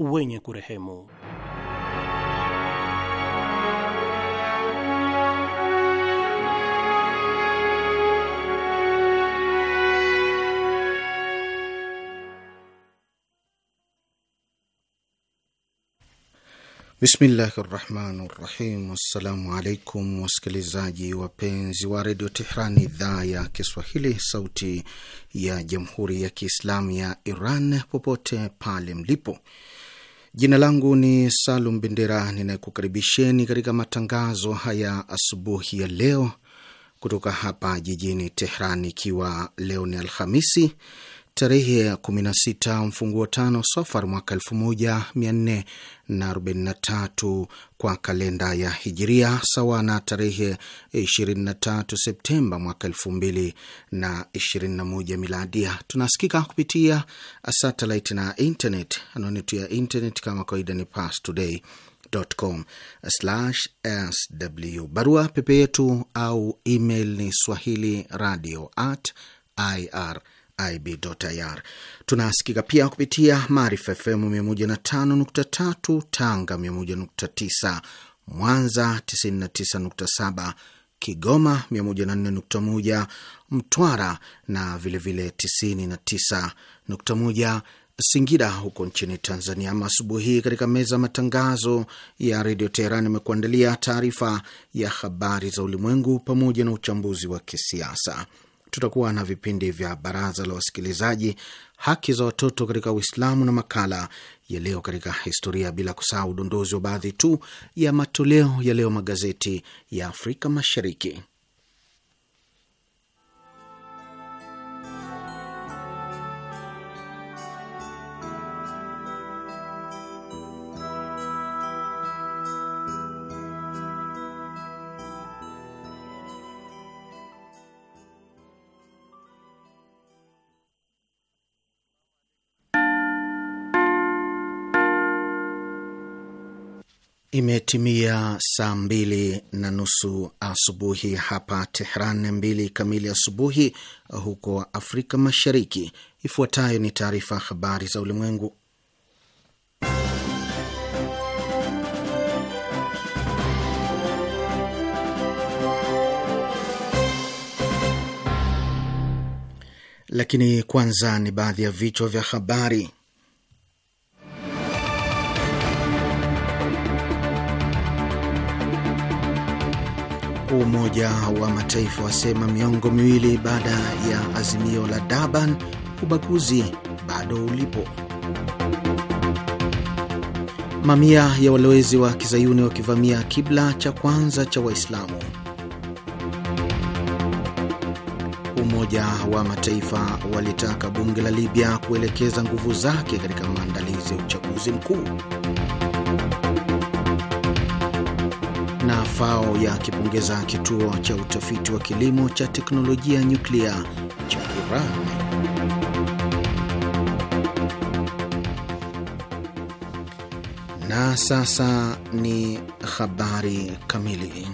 wenye kurehemu. Bismillahi rahmani rahim. Wassalamu alaikum wasikilizaji wapenzi wa redio Tehrani, idhaa ya Kiswahili, sauti ya jamhuri ya kiislamu ya Iran, popote pale mlipo. Jina langu ni Salum Bendera, ninayekukaribisheni katika matangazo haya asubuhi ya leo kutoka hapa jijini Tehran, ikiwa leo ni Alhamisi tarehe ya 16 mfunguo tano sofar mwaka 1443 kwa kalenda ya Hijiria, sawa na tarehe 23 Septemba mwaka 2021 Miladia. Tunasikika kupitia satelit na internet. Anwani ya internet kama kawaida ni pastoday.com/sw. Barua pepe yetu au email ni swahili radio at ir IB.ir. Tunasikika pia kupitia Maarifa FM 105.3 Tanga, 101.9 Mwanza, 99.7 Kigoma, 104.1 Mtwara na vilevile 99.1 Singida huko nchini Tanzania. Ama hii katika meza matangazo ya redio Teheran imekuandalia taarifa ya habari za ulimwengu pamoja na uchambuzi wa kisiasa tutakuwa na vipindi vya baraza la wasikilizaji, haki za watoto katika Uislamu na makala ya leo katika historia, bila kusahau udondozi wa baadhi tu ya matoleo ya leo magazeti ya Afrika Mashariki. Imetimia saa mbili na nusu asubuhi hapa Tehran, mbili kamili asubuhi huko Afrika Mashariki. Ifuatayo ni taarifa habari za ulimwengu, lakini kwanza ni baadhi ya vichwa vya habari. Umoja wa Mataifa wasema miongo miwili baada ya azimio la Durban, ubaguzi bado ulipo. Mamia ya walowezi wa kizayuni wakivamia kibla cha kwanza cha Waislamu. Umoja wa Mataifa walitaka bunge la Libya kuelekeza nguvu zake katika maandalizi ya uchaguzi mkuu. FAO kipongeza kituo cha utafiti wa kilimo cha teknolojia ya nyuklia cha Iran. Na sasa ni habari kamili.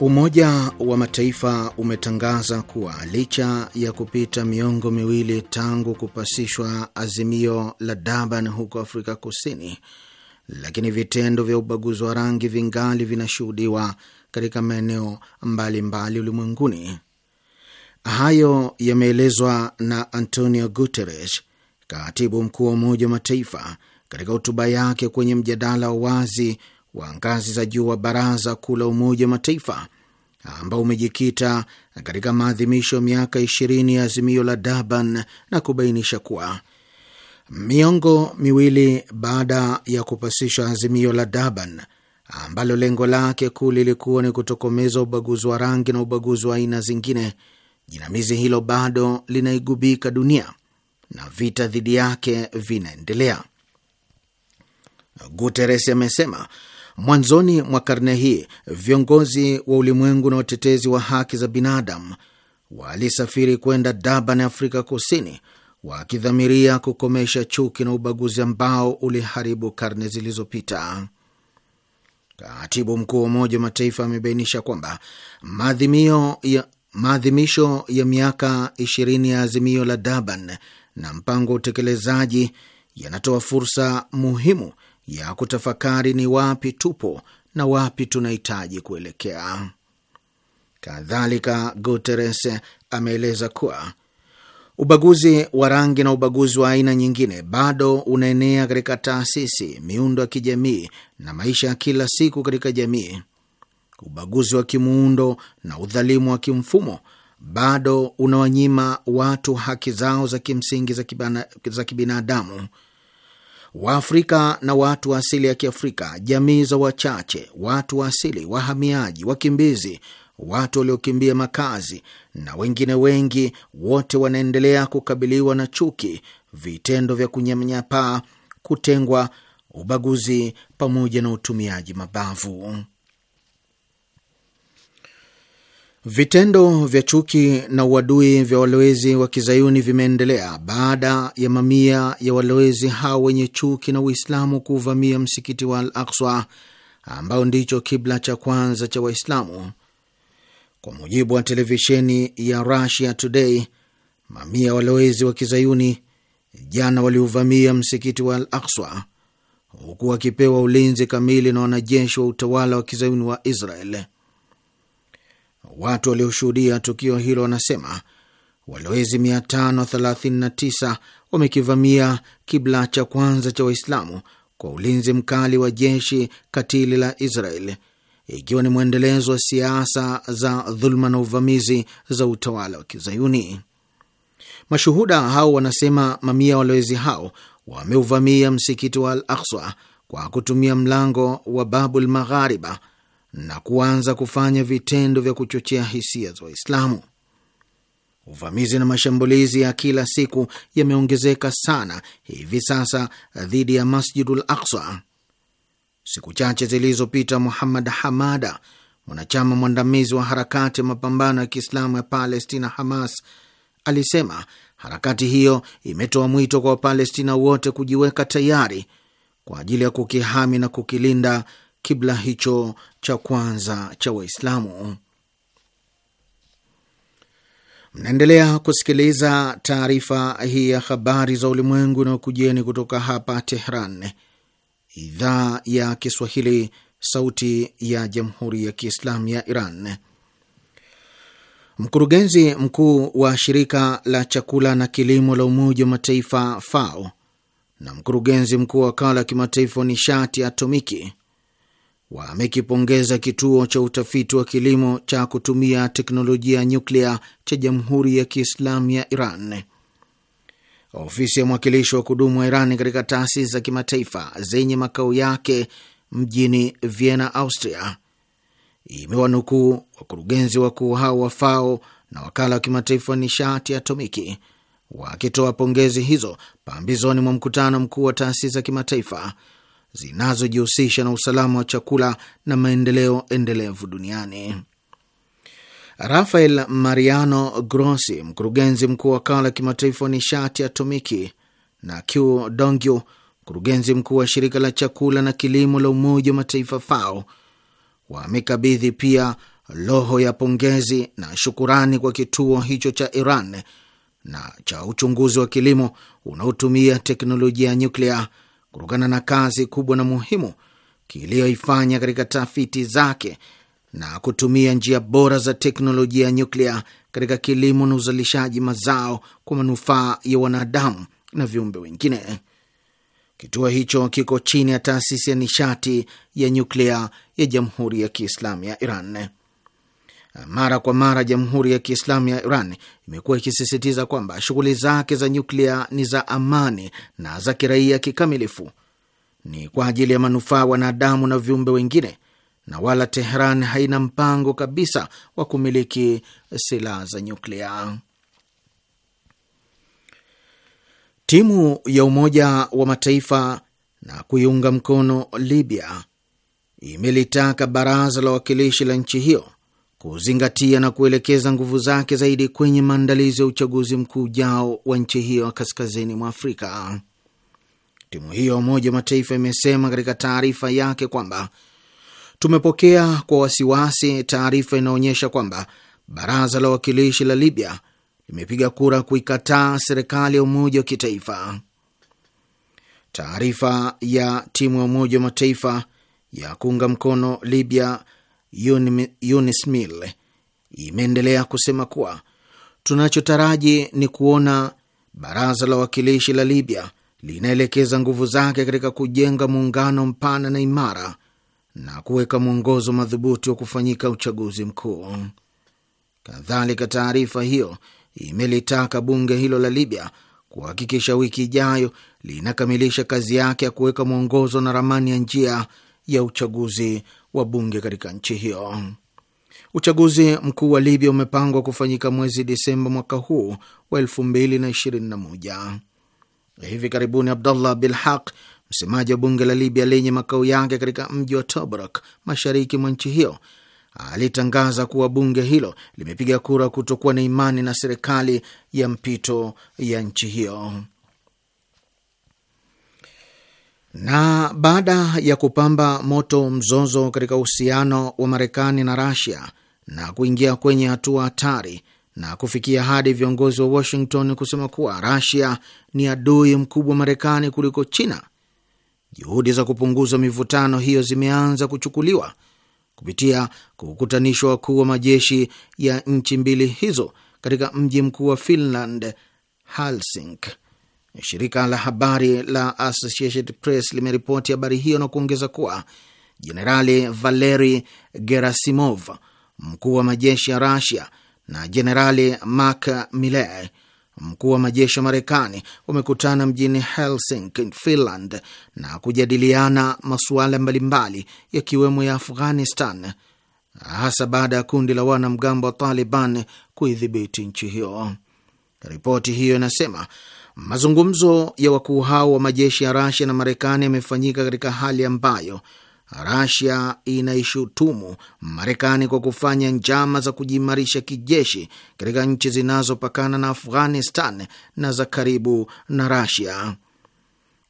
Umoja wa Mataifa umetangaza kuwa licha ya kupita miongo miwili tangu kupasishwa azimio la Durban huko Afrika Kusini, lakini vitendo vya ubaguzi wa rangi vingali vinashuhudiwa katika maeneo mbalimbali ulimwenguni. Hayo yameelezwa na Antonio Guterres, katibu mkuu wa Umoja wa Mataifa, katika hotuba yake kwenye mjadala wa wazi wa ngazi za juu wa Baraza Kuu la Umoja wa Mataifa ambao umejikita katika maadhimisho ya miaka ishirini ya azimio la Durban na kubainisha kuwa Miongo miwili baada ya kupasishwa azimio la Durban ambalo lengo lake kuu lilikuwa ni kutokomeza ubaguzi wa rangi na ubaguzi wa aina zingine, jinamizi hilo bado linaigubika dunia na vita dhidi yake vinaendelea. guteres amesema mwanzoni mwa karne hii viongozi wa ulimwengu na watetezi wa haki za binadamu walisafiri kwenda Durban, Afrika Kusini wakidhamiria kukomesha chuki na ubaguzi ambao uliharibu karne zilizopita. Katibu mkuu wa Umoja wa Mataifa amebainisha kwamba maadhimio ya maadhimisho ya miaka ishirini ya azimio la Durban na mpango wa utekelezaji yanatoa fursa muhimu ya kutafakari ni wapi tupo na wapi tunahitaji kuelekea. Kadhalika, Guterres ameeleza kuwa Ubaguzi wa rangi na ubaguzi wa aina nyingine bado unaenea katika taasisi, miundo ya kijamii na maisha ya kila siku katika jamii. Ubaguzi wa kimuundo na udhalimu wa kimfumo bado unawanyima watu haki zao za kimsingi za kibinadamu. Waafrika na watu wa asili ya Kiafrika, jamii za wachache, watu wa asili, wahamiaji, wakimbizi watu waliokimbia makazi na wengine wengi, wote wanaendelea kukabiliwa na chuki, vitendo vya kunyanyapaa, kutengwa, ubaguzi pamoja na utumiaji mabavu. Vitendo vya chuki na uadui vya walowezi wa kizayuni vimeendelea baada ya mamia ya walowezi hao wenye chuki na Uislamu kuuvamia msikiti wa Al Akswa, ambao ndicho kibla cha kwanza cha Waislamu. Kwa mujibu wa televisheni ya Russia Today, mamia walowezi wa kizayuni jana waliuvamia msikiti wa Al Akswa huku wakipewa ulinzi kamili na wanajeshi wa utawala wa kizayuni wa Israel. Watu walioshuhudia tukio hilo wanasema walowezi 539 wamekivamia kibla cha kwanza cha Waislamu kwa ulinzi mkali wa jeshi katili la Israel ikiwa ni mwendelezo wa siasa za dhuluma na uvamizi za utawala wa Kizayuni. Mashuhuda hao wanasema mamia walowezi hao wameuvamia msikiti wa Al Akswa kwa kutumia mlango wa Babul Maghariba na kuanza kufanya vitendo vya kuchochea hisia za Waislamu. Uvamizi na mashambulizi ya kila siku yameongezeka sana hivi sasa dhidi ya Masjidul Aqsa. Siku chache zilizopita, Muhammad Hamada, mwanachama mwandamizi wa harakati ya mapambano ya Kiislamu ya Palestina, Hamas, alisema harakati hiyo imetoa mwito kwa Wapalestina wote kujiweka tayari kwa ajili ya kukihami na kukilinda kibla hicho cha kwanza cha Waislamu. Mnaendelea kusikiliza taarifa hii ya habari za ulimwengu na ukujeni kutoka hapa Tehran, idhaa ya Kiswahili, sauti ya jamhuri ya kiislamu ya Iran. Mkurugenzi mkuu wa shirika la chakula na kilimo la Umoja wa Mataifa FAO na mkurugenzi mkuu wa wakala wa kimataifa wa nishati atomiki wamekipongeza kituo cha utafiti wa kilimo cha kutumia teknolojia ya nyuklia cha jamhuri ya kiislamu ya Iran Ofisi ya mwakilishi wa kudumu wa Irani katika taasisi za kimataifa zenye makao yake mjini Vienna, Austria, imewanukuu wakurugenzi wakuu hao wa FAO na wakala wa kimataifa wa nishati atomiki wakitoa pongezi hizo pambizoni mwa mkutano mkuu wa taasisi za kimataifa zinazojihusisha na usalama wa chakula na maendeleo endelevu duniani. Rafael Mariano Grossi, mkurugenzi mkuu wa wakala wa kimataifa wa nishati atomiki, na Q Dongyu, mkurugenzi mkuu wa shirika la chakula na kilimo la Umoja wa Mataifa FAO, wamekabidhi pia roho ya pongezi na shukurani kwa kituo hicho cha Iran na cha uchunguzi wa kilimo unaotumia teknolojia ya nyuklia kutokana na kazi kubwa na muhimu kiliyoifanya katika tafiti zake na kutumia njia bora za teknolojia ya nyuklia katika kilimo na uzalishaji mazao kwa manufaa ya wanadamu na viumbe wengine. Kituo hicho kiko chini ya taasisi ya nishati ya nyuklia ya Jamhuri ya Kiislamu ya Iran. Mara kwa mara Jamhuri ya Kiislamu ya Iran imekuwa ikisisitiza kwamba shughuli zake za nyuklia ni za amani na za kiraia kikamilifu, ni kwa ajili ya manufaa wanadamu na viumbe wengine na wala Tehran haina mpango kabisa wa kumiliki silaha za nyuklia. Timu ya Umoja wa Mataifa na kuiunga mkono Libya imelitaka baraza la wawakilishi la nchi hiyo kuzingatia na kuelekeza nguvu zake zaidi kwenye maandalizi ya uchaguzi mkuu ujao wa nchi hiyo kaskazini mwa Afrika. Timu hiyo ya Umoja wa Mataifa imesema katika taarifa yake kwamba Tumepokea kwa wasiwasi taarifa inaonyesha kwamba baraza la wawakilishi la Libya limepiga kura kuikataa serikali ya umoja wa kitaifa. Taarifa ya timu ya Umoja wa Mataifa ya kuunga mkono Libya UNSMIL imeendelea kusema kuwa tunachotaraji ni kuona baraza la wawakilishi la Libya linaelekeza nguvu zake katika kujenga muungano mpana na imara na kuweka mwongozo madhubuti wa kufanyika uchaguzi mkuu. Kadhalika, taarifa hiyo imelitaka bunge hilo la Libya kuhakikisha wiki ijayo linakamilisha kazi yake ya kuweka mwongozo na ramani ya njia ya uchaguzi wa bunge katika nchi hiyo. Uchaguzi mkuu wa Libya umepangwa kufanyika mwezi Disemba mwaka huu wa 221 Hivi karibuni Abdullah Bilhaq Haq Msemaji wa bunge la Libya lenye makao yake katika mji wa Tobruk, mashariki mwa nchi hiyo, alitangaza kuwa bunge hilo limepiga kura kutokuwa na imani na serikali ya mpito ya nchi hiyo. Na baada ya kupamba moto mzozo katika uhusiano wa Marekani na Rasia na kuingia kwenye hatua hatari na kufikia hadi viongozi wa Washington kusema kuwa Rasia ni adui mkubwa Marekani kuliko China, Juhudi za kupunguza mivutano hiyo zimeanza kuchukuliwa kupitia kukutanishwa wakuu wa majeshi ya nchi mbili hizo katika mji mkuu wa Finland, Helsinki. Shirika la habari la Associated Press limeripoti habari hiyo na kuongeza kuwa Jenerali Valeri Gerasimov, mkuu wa majeshi ya Rasia, na Jenerali Mark Milley, mkuu wa majeshi ya Marekani wamekutana mjini Helsinki, Finland, na kujadiliana masuala mbalimbali yakiwemo ya Afghanistan, hasa baada ya kundi la wanamgambo wa Taliban kuidhibiti nchi hiyo. Ripoti hiyo inasema mazungumzo ya wakuu hao wa majeshi ya Rasia na Marekani yamefanyika katika hali ambayo Rasia inaishutumu Marekani kwa kufanya njama za kujiimarisha kijeshi katika nchi zinazopakana na Afghanistan na za karibu na Rasia.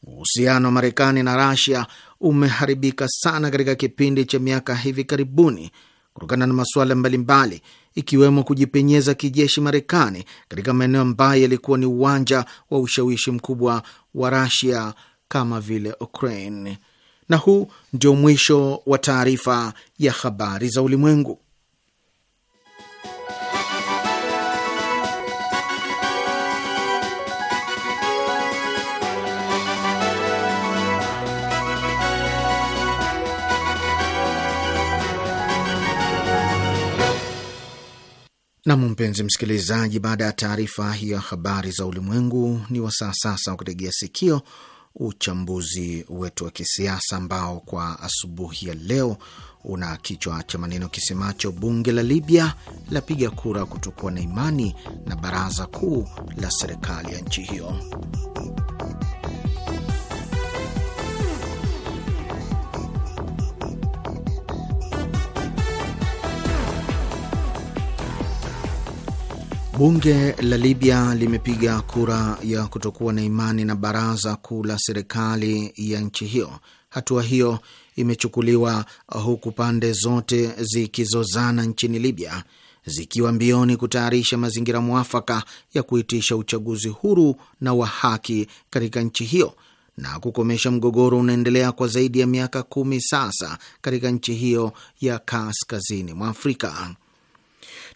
Uhusiano wa Marekani na Rasia umeharibika sana katika kipindi cha miaka hivi karibuni kutokana na masuala mbalimbali ikiwemo kujipenyeza kijeshi Marekani katika maeneo ambayo yalikuwa ni uwanja wa ushawishi mkubwa wa Rasia kama vile Ukraine. Na huu ndio mwisho wa taarifa ya habari za ulimwengu. Nam, mpenzi msikilizaji, baada ya taarifa hiyo ya habari za ulimwengu, ni wasaa sasa wa kutegea sikio uchambuzi wetu wa kisiasa ambao kwa asubuhi ya leo una kichwa cha maneno kisemacho bunge la Libya lapiga kura kutokuwa na imani na baraza kuu la serikali ya nchi hiyo. Bunge la Libya limepiga kura ya kutokuwa na imani na baraza kuu la serikali ya nchi hiyo. Hatua hiyo imechukuliwa huku pande zote zikizozana nchini Libya zikiwa mbioni kutayarisha mazingira mwafaka ya kuitisha uchaguzi huru na wa haki katika nchi hiyo na kukomesha mgogoro unaendelea kwa zaidi ya miaka kumi sasa katika nchi hiyo ya kaskazini mwa Afrika.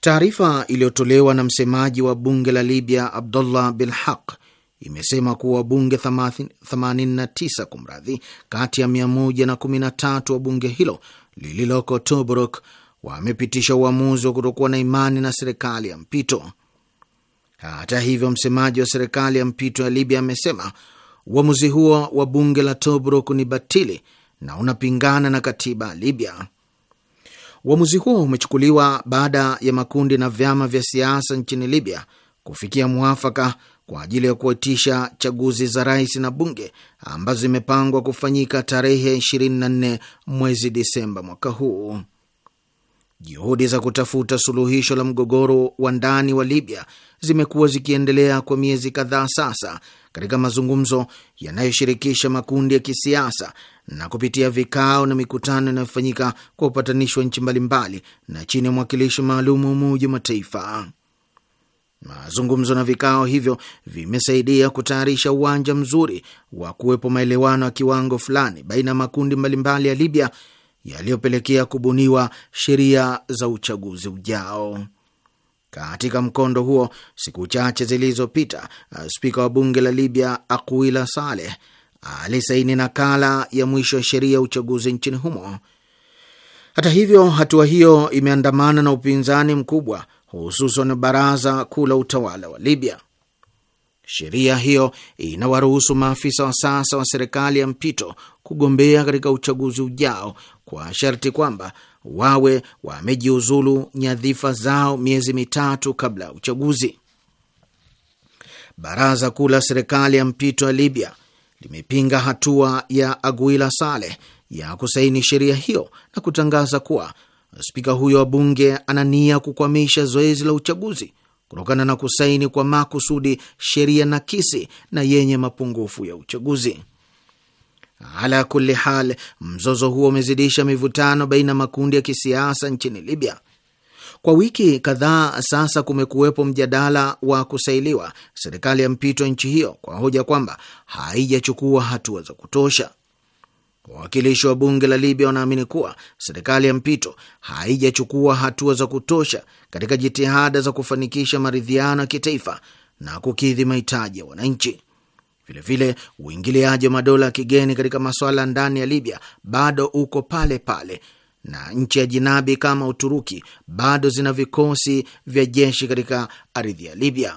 Taarifa iliyotolewa na msemaji wa bunge la Libya Abdullah Bil Haq imesema kuwa wabunge 89 kumradhi, kati ya 113 wa bunge hilo lililoko Tobruk wamepitisha uamuzi wa kutokuwa na imani na serikali ya mpito. Hata hivyo, msemaji wa serikali ya mpito ya Libya amesema uamuzi huo wa bunge la Tobruk ni batili na unapingana na katiba ya Libya. Uamuzi huo umechukuliwa baada ya makundi na vyama vya siasa nchini Libya kufikia muafaka kwa ajili ya kuitisha chaguzi za rais na bunge ambazo zimepangwa kufanyika tarehe 24 mwezi Disemba mwaka huu. Juhudi za kutafuta suluhisho la mgogoro wa ndani wa Libya zimekuwa zikiendelea kwa miezi kadhaa sasa katika mazungumzo yanayoshirikisha makundi ya kisiasa na kupitia vikao na mikutano inayofanyika kwa upatanishi wa nchi mbalimbali na chini ya mwakilishi maalum wa Umoja wa Mataifa. Mazungumzo na vikao hivyo vimesaidia kutayarisha uwanja mzuri wa kuwepo maelewano ya kiwango fulani baina ya makundi mbalimbali ya Libya yaliyopelekea kubuniwa sheria za uchaguzi ujao. Katika mkondo huo, siku chache zilizopita, uh, spika wa bunge la Libya Akuila Saleh alisaini nakala ya mwisho ya sheria ya uchaguzi nchini humo. Hata hivyo, hatua hiyo imeandamana na upinzani mkubwa, hususan baraza kuu la utawala wa Libya. Sheria hiyo inawaruhusu maafisa wa sasa wa serikali ya mpito kugombea katika uchaguzi ujao kwa sharti kwamba wawe wamejiuzulu nyadhifa zao miezi mitatu kabla ya uchaguzi. Baraza kuu la serikali ya mpito ya Libya limepinga hatua ya Aguila Saleh ya kusaini sheria hiyo na kutangaza kuwa spika huyo wa bunge ana nia kukwamisha zoezi la uchaguzi kutokana na kusaini kwa makusudi sheria nakisi na yenye mapungufu ya uchaguzi. Ala kulli hal, mzozo huo umezidisha mivutano baina ya makundi ya kisiasa nchini Libya. Kwa wiki kadhaa sasa kumekuwepo mjadala wa kusailiwa serikali ya mpito nchi hiyo kwa hoja kwamba haijachukua hatua za kutosha. Wawakilishi wa bunge la Libya wanaamini kuwa serikali ya mpito haijachukua hatua za kutosha katika jitihada za kufanikisha maridhiano ya kitaifa na kukidhi mahitaji ya wananchi. Vilevile uingiliaji wa madola ya kigeni katika masuala ndani ya Libya bado uko pale pale, na nchi ya jinabi kama Uturuki bado zina vikosi vya jeshi katika ardhi ya Libya.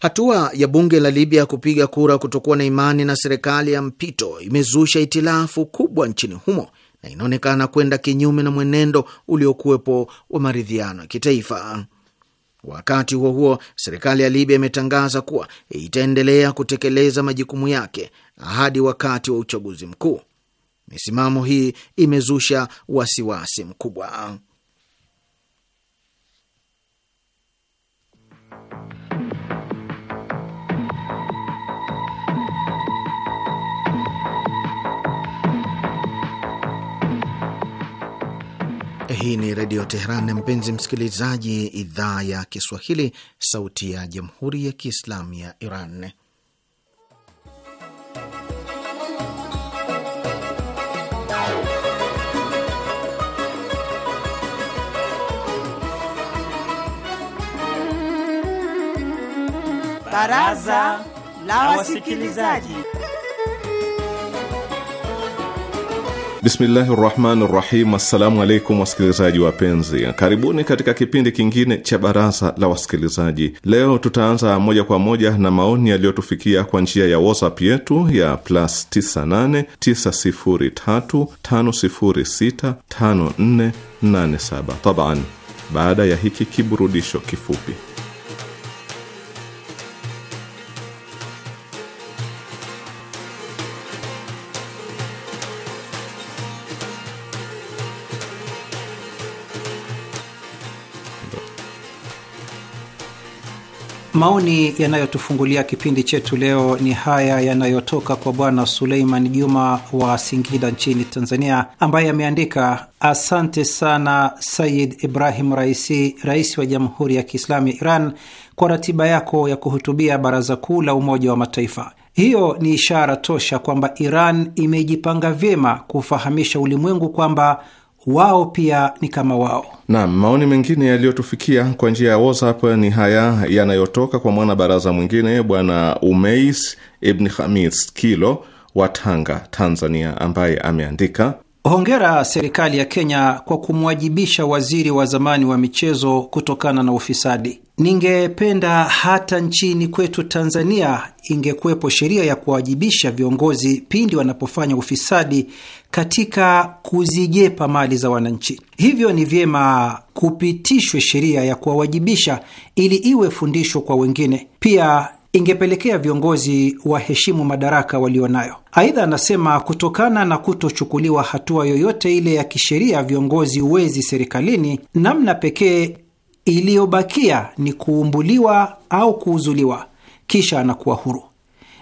Hatua ya bunge la Libya kupiga kura kutokuwa na imani na serikali ya mpito imezusha itilafu kubwa nchini humo na inaonekana kwenda kinyume na mwenendo uliokuwepo wa maridhiano ya kitaifa. Wakati huo huo, serikali ya Libya imetangaza kuwa itaendelea kutekeleza majukumu yake hadi wakati wa uchaguzi mkuu. Misimamo hii imezusha wasiwasi mkubwa. Hii ni Redio Teheran, mpenzi msikilizaji, idhaa ya Kiswahili, sauti ya Jamhuri ya Kiislamu ya Iran. Baraza la Wasikilizaji. Bismillahi rahmani rahim. Assalamu alaikum wasikilizaji wapenzi, karibuni katika kipindi kingine cha baraza la wasikilizaji. Leo tutaanza moja kwa moja na maoni yaliyotufikia kwa njia ya WhatsApp yetu ya plus 989035065487 taban, baada ya hiki kiburudisho kifupi. Maoni yanayotufungulia kipindi chetu leo ni haya yanayotoka kwa Bwana Suleiman Juma wa Singida nchini Tanzania, ambaye ameandika asante sana Sayid Ibrahim Raisi, rais wa Jamhuri ya Kiislamu ya Iran, kwa ratiba yako ya kuhutubia Baraza Kuu la Umoja wa Mataifa. Hiyo ni ishara tosha kwamba Iran imejipanga vyema kufahamisha ulimwengu kwamba wao pia ni kama wao. Naam, maoni mengine yaliyotufikia kwa njia ya WhatsApp ni haya yanayotoka kwa mwana baraza mwingine Bwana Umeis Ibn Hamis Kilo wa Tanga, Tanzania, ambaye ameandika Hongera serikali ya Kenya kwa kumwajibisha waziri wa zamani wa michezo kutokana na ufisadi. Ningependa hata nchini kwetu Tanzania ingekuwepo sheria ya kuwajibisha viongozi pindi wanapofanya ufisadi katika kuzijepa mali za wananchi. Hivyo ni vyema kupitishwe sheria ya kuwawajibisha ili iwe fundisho kwa wengine. Pia ingepelekea viongozi waheshimu madaraka walio nayo Aidha, anasema kutokana na kutochukuliwa hatua yoyote ile ya kisheria viongozi uwezi serikalini, namna pekee iliyobakia ni kuumbuliwa au kuuzuliwa, kisha anakuwa huru.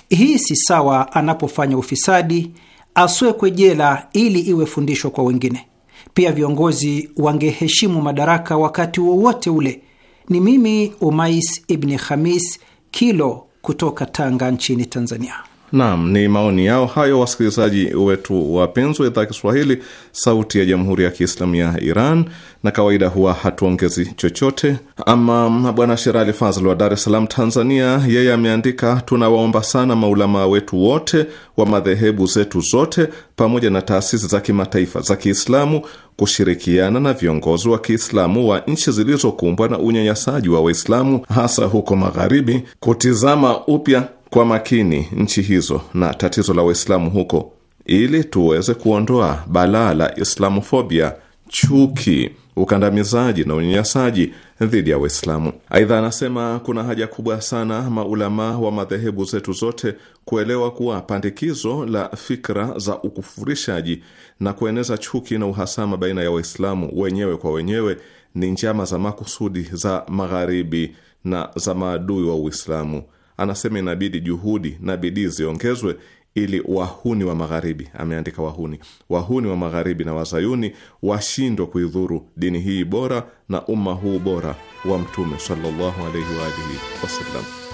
Hii si sawa. Anapofanya ufisadi aswekwe jela ili iwe fundishwa kwa wengine. Pia viongozi wangeheshimu madaraka wakati wowote ule. Ni mimi Umais Ibni Khamis Kilo kutoka Tanga nchini Tanzania. Naam, ni maoni yao hayo wasikilizaji wetu wapenzi wa idhaa ya Kiswahili sauti ya Jamhuri ya Kiislamu ya Iran, na kawaida huwa hatuongezi chochote. Ama bwana Sherali Fazl wa Dar es Salaam, Tanzania, yeye ameandika, tunawaomba sana maulamaa wetu wote wa madhehebu zetu zote pamoja na taasisi za kimataifa za Kiislamu kushirikiana na viongozi wa Kiislamu wa nchi zilizokumbwa na unyanyasaji wa Waislamu hasa huko Magharibi kutizama upya kwa makini nchi hizo na tatizo la Waislamu huko ili tuweze kuondoa balaa la islamofobia, chuki, ukandamizaji na unyanyasaji dhidi ya Waislamu. Aidha, anasema kuna haja kubwa sana maulamaa wa madhehebu zetu zote kuelewa kuwa pandikizo la fikra za ukufurishaji na kueneza chuki na uhasama baina ya Waislamu wenyewe kwa wenyewe ni njama za makusudi za Magharibi na za maadui wa Uislamu anasema inabidi juhudi na bidii ziongezwe ili wahuni wa magharibi, ameandika wahuni, wahuni wa magharibi na wazayuni washindwe kuidhuru dini hii bora na umma huu bora wa Mtume sallallahu alaihi wa alihi wasallam.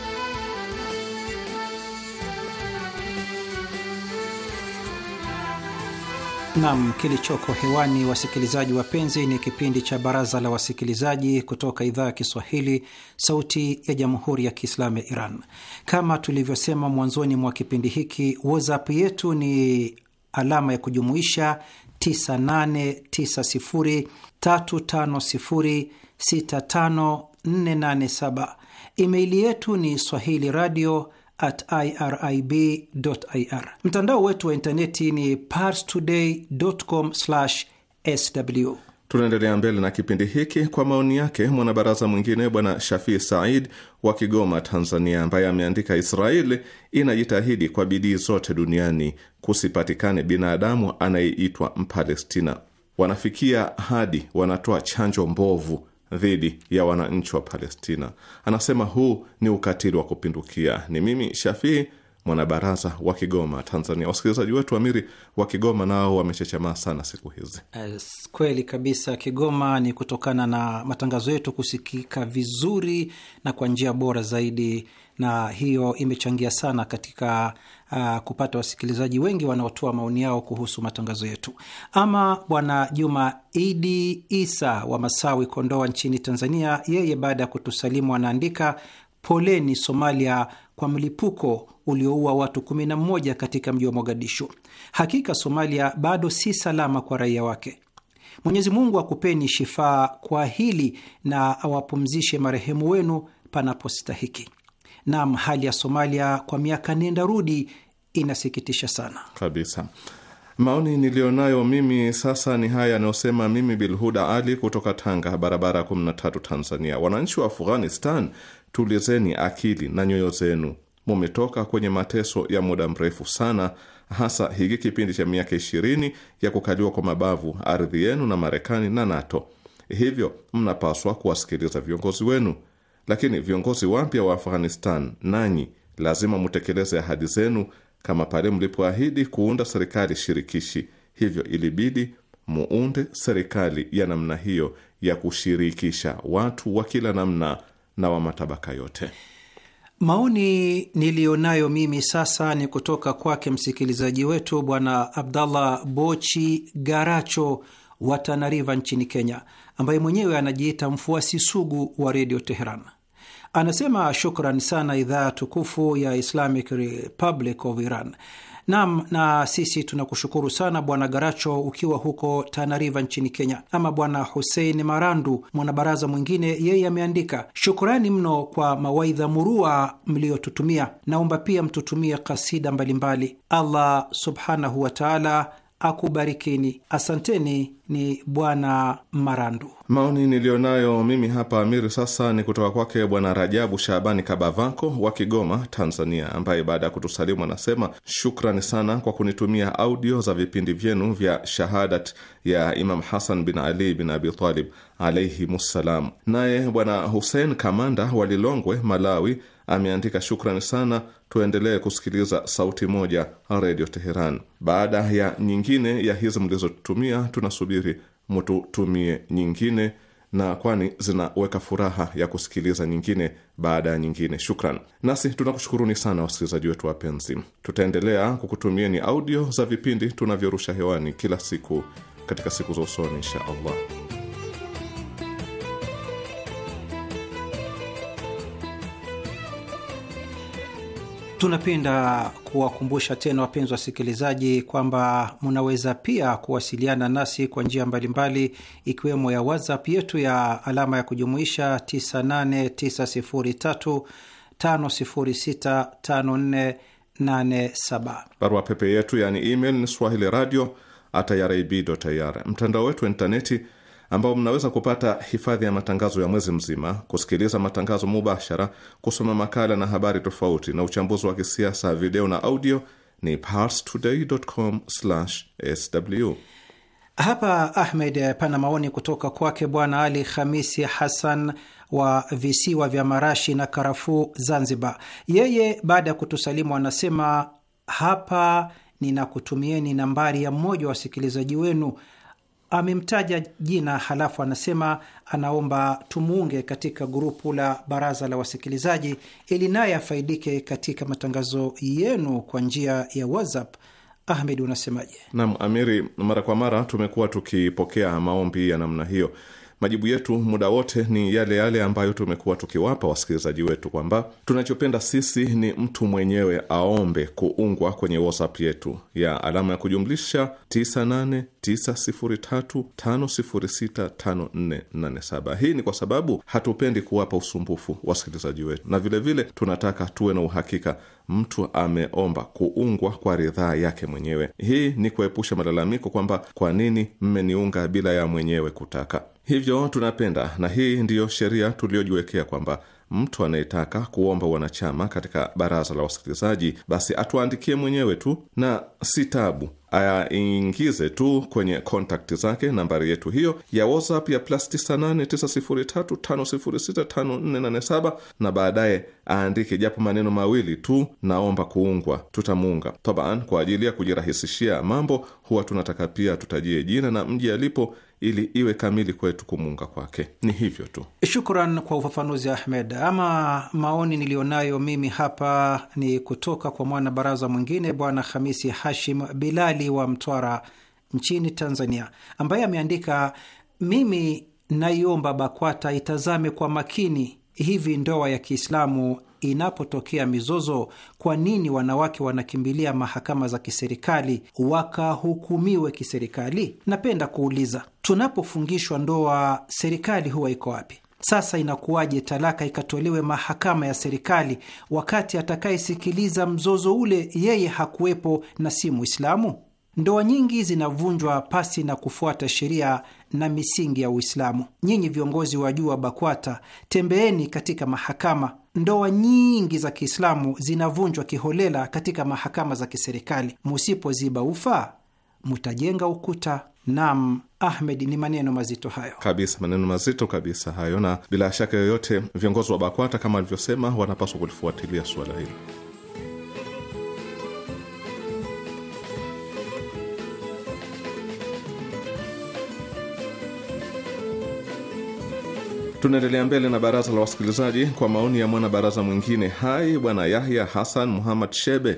Nam, kilichoko hewani wasikilizaji wapenzi, ni kipindi cha Baraza la Wasikilizaji kutoka idhaa ya Kiswahili, Sauti ya Jamhuri ya Kiislamu ya Iran. Kama tulivyosema mwanzoni mwa kipindi hiki, WhatsApp yetu ni alama ya kujumuisha 989035065487. Imeili yetu ni swahili radio at irib ir. Mtandao wetu wa intaneti ni today com sw. Tunaendelea mbele na kipindi hiki kwa maoni yake mwanabaraza mwingine Bwana Shafii Said wa Kigoma, Tanzania, ambaye ameandika, Israeli inajitahidi kwa bidii zote duniani kusipatikane binadamu anayeitwa Mpalestina. Wanafikia hadi wanatoa chanjo mbovu dhidi ya wananchi wa Palestina. Anasema huu ni ukatili wa kupindukia. Ni mimi Shafii mwanabaraza wa Kigoma, Tanzania. Wasikilizaji wetu Amiri wa Kigoma nao wamechechemaa sana siku hizi. Kweli kabisa, Kigoma ni kutokana na matangazo yetu kusikika vizuri na kwa njia bora zaidi, na hiyo imechangia sana katika uh, kupata wasikilizaji wengi wanaotoa maoni yao kuhusu matangazo yetu. Ama Bwana Juma Idi Isa wa Masawi, Kondoa nchini Tanzania, yeye baada ya kutusalimu anaandika poleni Somalia kwa mlipuko ulioua watu 11 katika mji wa Mogadishu. Hakika Somalia bado si salama kwa raia wake. Mwenyezi Mungu akupeni shifaa kwa hili na awapumzishe marehemu wenu panapostahiki. Naam, hali ya Somalia kwa miaka nenda rudi inasikitisha sana kabisa. Maoni niliyonayo mimi sasa ni haya yanayosema mimi Bilhuda Ali kutoka Tanga, barabara ya 13, Tanzania. Wananchi wa Afghanistan, tulizeni akili na nyoyo zenu mumetoka kwenye mateso ya muda mrefu sana, hasa hiki kipindi cha miaka ishirini ya kukaliwa kwa mabavu ardhi yenu na Marekani na NATO. Hivyo mnapaswa kuwasikiliza viongozi wenu, lakini viongozi wapya wa Afghanistan, nanyi lazima mutekeleze ahadi zenu kama pale mlipoahidi kuunda serikali shirikishi. Hivyo ilibidi muunde serikali ya namna hiyo ya kushirikisha watu wa kila namna na wa matabaka yote. Maoni niliyonayo mimi sasa ni kutoka kwake msikilizaji wetu Bwana Abdallah Bochi Garacho wa Tanariva nchini Kenya, ambaye mwenyewe anajiita mfuasi sugu wa Redio Teheran. Anasema shukran sana idhaa tukufu ya Islamic Republic of Iran Nam, na sisi tunakushukuru sana Bwana Garacho ukiwa huko Tanariva nchini Kenya. Ama Bwana Husein Marandu, mwanabaraza mwingine, yeye ameandika shukrani mno kwa mawaidha murua mliyotutumia. Naomba pia mtutumie kasida mbalimbali. Allah subhanahu wataala akubarikini. Asanteni. Ni Bwana Marandu. Maoni niliyonayo mimi hapa Amiri sasa ni kutoka kwake Bwana Rajabu Shabani Kabavako wa Kigoma, Tanzania, ambaye baada ya kutusalimu anasema shukrani sana kwa kunitumia audio za vipindi vyenu vya shahadat ya Imam Hasan bin Ali bin Abi Talib alaihimussalam. Naye Bwana Husein Kamanda wa Lilongwe, Malawi, ameandika shukrani sana, tuendelee kusikiliza sauti moja Redio Teheran. Baada ya nyingine ya hizi mlizotutumia, tunasubiri mututumie nyingine, na kwani zinaweka furaha ya kusikiliza nyingine baada ya nyingine. Shukran. Nasi tunakushukuruni sana wasikilizaji wetu wapenzi, tutaendelea kukutumieni audio za vipindi tunavyorusha hewani kila siku katika siku za usoni, insha Allah. Tunapenda kuwakumbusha tena wapenzi wasikilizaji kwamba mnaweza pia kuwasiliana nasi kwa njia mbalimbali, ikiwemo ya WhatsApp yetu ya alama ya kujumuisha 989035065487. Barua pepe yetu yaani email ni swahili radio at irib.ir. Mtandao wetu wa intaneti ambao mnaweza kupata hifadhi ya matangazo ya mwezi mzima, kusikiliza matangazo mubashara, kusoma makala na habari tofauti na uchambuzi wa kisiasa, video na audio ni parstoday.com/sw. Hapa Ahmed, pana maoni kutoka kwake Bwana Ali Khamisi Hassan wa visiwa vya marashi na karafuu Zanzibar. Yeye baada ya kutusalimu anasema hapa ninakutumieni nambari ya mmoja wa wasikilizaji wenu amemtaja jina halafu anasema anaomba tumuunge katika grupu la baraza la wasikilizaji ili naye afaidike katika matangazo yenu kwa njia ya WhatsApp. Ahmed, unasemaje? Naam Amiri, mara kwa mara tumekuwa tukipokea maombi ya namna hiyo Majibu yetu muda wote ni yale yale ambayo tumekuwa tukiwapa wasikilizaji wetu kwamba tunachopenda sisi ni mtu mwenyewe aombe kuungwa kwenye WhatsApp yetu ya alama ya kujumlisha 989035065487. Hii ni kwa sababu hatupendi kuwapa usumbufu wasikilizaji wetu, na vilevile vile tunataka tuwe na uhakika mtu ameomba kuungwa kwa ridhaa yake mwenyewe. Hii ni kuepusha malalamiko kwamba kwa nini mmeniunga bila ya mwenyewe kutaka. Hivyo tunapenda, na hii ndiyo sheria tuliyojiwekea kwamba mtu anayetaka kuomba wanachama katika baraza la wasikilizaji, basi atuandikie mwenyewe tu na si tabu, aingize tu kwenye kontakti zake nambari yetu hiyo ya WhatsApp ya plus 989035065487 na baadaye aandike japo maneno mawili tu, naomba kuungwa. Tutamuunga taban. Kwa ajili ya kujirahisishia mambo, huwa tunataka pia tutajie jina na mji alipo ili iwe kamili kwetu kumuunga kwake. Ni hivyo tu. Shukran kwa ufafanuzi Ahmed. Ama maoni niliyonayo mimi hapa ni kutoka kwa mwanabaraza mwingine Bwana Hamisi Hashim Bilali wa Mtwara nchini Tanzania, ambaye ameandika mimi naiomba BAKWATA itazame kwa makini hivi ndoa ya Kiislamu inapotokea mizozo, kwa nini wanawake wanakimbilia mahakama za kiserikali wakahukumiwe kiserikali? Napenda kuuliza, tunapofungishwa ndoa, serikali huwa iko wapi? Sasa inakuwaje talaka ikatolewe mahakama ya serikali, wakati atakayesikiliza mzozo ule yeye hakuwepo na si Mwislamu? Ndoa nyingi zinavunjwa pasi na kufuata sheria na misingi ya Uislamu. Nyinyi viongozi wa juu wa BAKWATA, tembeeni katika mahakama. Ndoa nyingi za Kiislamu zinavunjwa kiholela katika mahakama za kiserikali. Musipoziba ufa, mutajenga ukuta. Naam, Ahmed, ni maneno mazito hayo kabisa, maneno mazito kabisa hayo, na bila shaka yoyote viongozi wa BAKWATA kama alivyosema, wanapaswa kulifuatilia suala hili. Tunaendelea mbele na baraza la wasikilizaji kwa maoni ya mwanabaraza mwingine hai, bwana Yahya Hassan Muhammad Shebe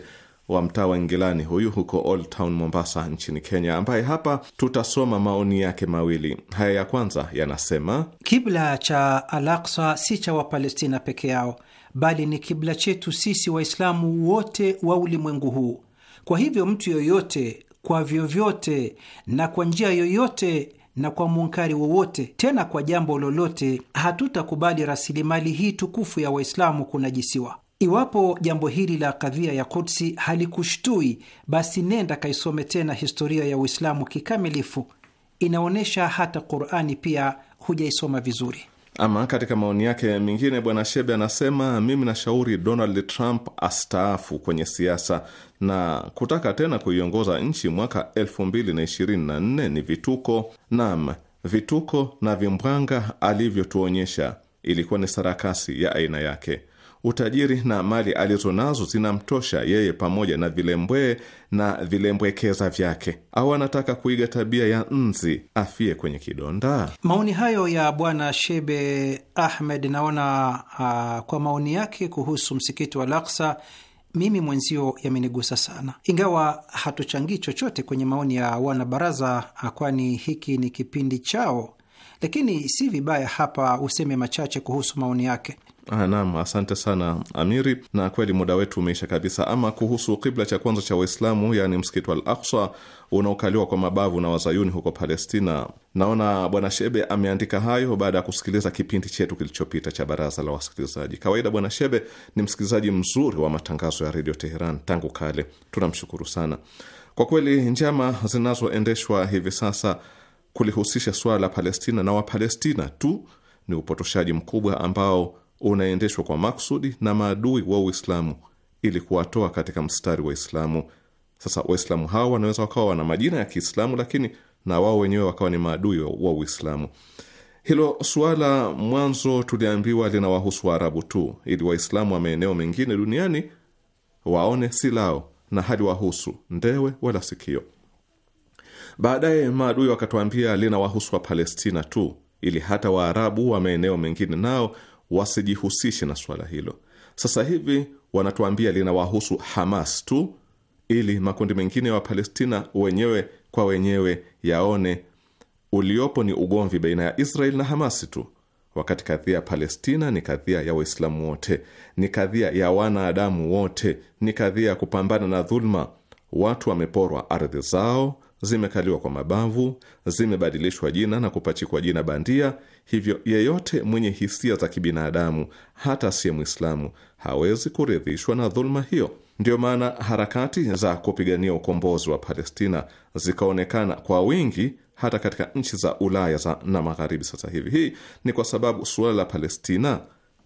wa mtaa wa Ingilani, huyu huko Old Town Mombasa nchini Kenya, ambaye hapa tutasoma maoni yake mawili. Haya ya kwanza yanasema, kibla cha Al-Aqsa si cha Wapalestina peke yao, bali ni kibla chetu sisi Waislamu wote wa ulimwengu huu. Kwa hivyo mtu yoyote, kwa vyovyote na kwa njia yoyote na kwa munkari wowote, tena kwa jambo lolote. Hatutakubali rasilimali hii tukufu ya Waislamu kunajisiwa. Iwapo jambo hili la kadhia ya Kudsi halikushtui, basi nenda kaisome tena historia ya Uislamu kikamilifu. Inaonyesha hata Qurani pia hujaisoma vizuri. Ama katika maoni yake mengine, bwana Shebe anasema mimi nashauri Donald Trump astaafu kwenye siasa na kutaka tena kuiongoza nchi mwaka 2024 ni vituko. Naam, vituko na vimbwanga alivyotuonyesha ilikuwa ni sarakasi ya aina yake utajiri na mali alizonazo zinamtosha yeye pamoja na vilembwee na vilembwekeza vyake, au anataka kuiga tabia ya nzi afie kwenye kidonda? Maoni hayo ya Bwana Shebe Ahmed naona uh, kwa maoni yake kuhusu msikiti wa Laksa mimi mwenzio yamenigusa sana, ingawa hatuchangii chochote kwenye maoni ya wanabaraza, ah, kwani hiki ni kipindi chao, lakini si vibaya hapa useme machache kuhusu maoni yake. Ah, naam, asante sana Amiri, na kweli muda wetu umeisha kabisa. Ama kuhusu kibla cha kwanza cha Waislamu, yaani msikiti wa Al-Aqsa unaokaliwa kwa mabavu na wazayuni huko Palestina, naona Bwana Shebe ameandika hayo baada ya kusikiliza kipindi chetu kilichopita cha baraza la wasikilizaji. Kawaida Bwana Shebe ni msikilizaji mzuri wa matangazo ya redio Teheran tangu kale, tunamshukuru sana kwa kweli. Njama zinazoendeshwa hivi sasa kulihusisha suala la Palestina na Wapalestina tu ni upotoshaji mkubwa ambao unaendeshwa kwa maksudi na maadui wa Uislamu ili kuwatoa katika mstari wa Uislamu. Sasa Waislamu hawa wanaweza wakawa wana majina ya Kiislamu, lakini na wao wenyewe wakawa ni maadui wa Uislamu. Hilo suala mwanzo tuliambiwa linawahusu Waarabu tu, ili Waislamu wa maeneo mengine duniani waone si lao na hali wahusu ndewe wala sikio. Baadaye maadui wakatuambia linawahusu Wapalestina tu, ili hata Waarabu wa maeneo mengine nao wasijihusishe na suala hilo. Sasa hivi wanatuambia linawahusu Hamas tu, ili makundi mengine ya wa Wapalestina wenyewe kwa wenyewe yaone uliopo ni ugomvi baina ya Israel na Hamas tu, wakati kadhia ya Palestina ni kadhia ya Waislamu wote, ni kadhia ya wanadamu wote, ni kadhia ya kupambana na dhuluma. Watu wameporwa ardhi zao zimekaliwa kwa mabavu, zimebadilishwa jina na kupachikwa jina bandia. Hivyo yeyote mwenye hisia za kibinadamu, hata siye Mwislamu, hawezi kuridhishwa na dhuluma hiyo. Ndiyo maana harakati za kupigania ukombozi wa Palestina zikaonekana kwa wingi hata katika nchi za Ulaya za na magharibi sasa hivi. Hii ni kwa sababu suala la Palestina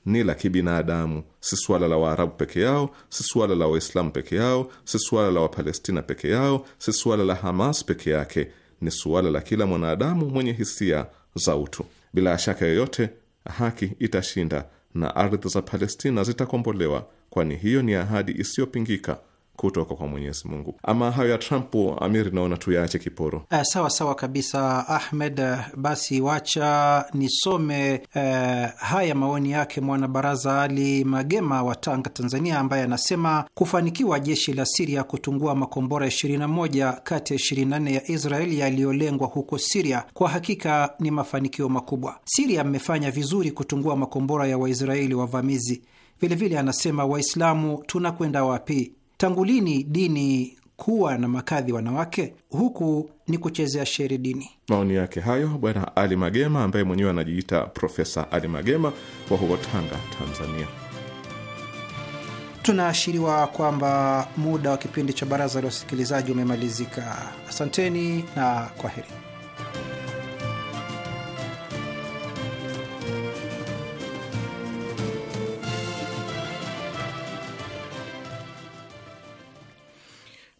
ni la kibinadamu, si suala la Waarabu peke yao, si suala la Waislamu peke yao, si suala la Wapalestina peke yao, si suala la Hamas peke yake, ni suala la kila mwanadamu mwenye hisia za utu. Bila shaka yoyote, haki itashinda na ardhi za Palestina zitakombolewa, kwani hiyo ni ahadi isiyopingika kutoka kwa Mwenyezi Mungu. Ama hayo ya Trump, Amiri, naona tuyaache kiporo. Uh, sawa sawa kabisa Ahmed. Basi wacha nisome uh, haya maoni yake mwanabaraza Ali Magema wa Tanga, Tanzania, ambaye anasema kufanikiwa jeshi la Siria kutungua makombora 21 kati ya 24 ya Israeli yaliyolengwa huko Siria kwa hakika ni mafanikio makubwa. Siria mmefanya vizuri kutungua makombora ya Waisraeli wavamizi. Vilevile anasema Waislamu tunakwenda wapi? Tangu lini dini kuwa na makadhi wanawake? Huku ni kuchezea shere dini. Maoni yake hayo Bwana Ali Magema, ambaye mwenyewe anajiita Profesa Ali Magema wa huko Tanga, Tanzania. Tunaashiriwa kwamba muda wa kipindi cha Baraza la Wasikilizaji umemalizika. Asanteni na kwaheri.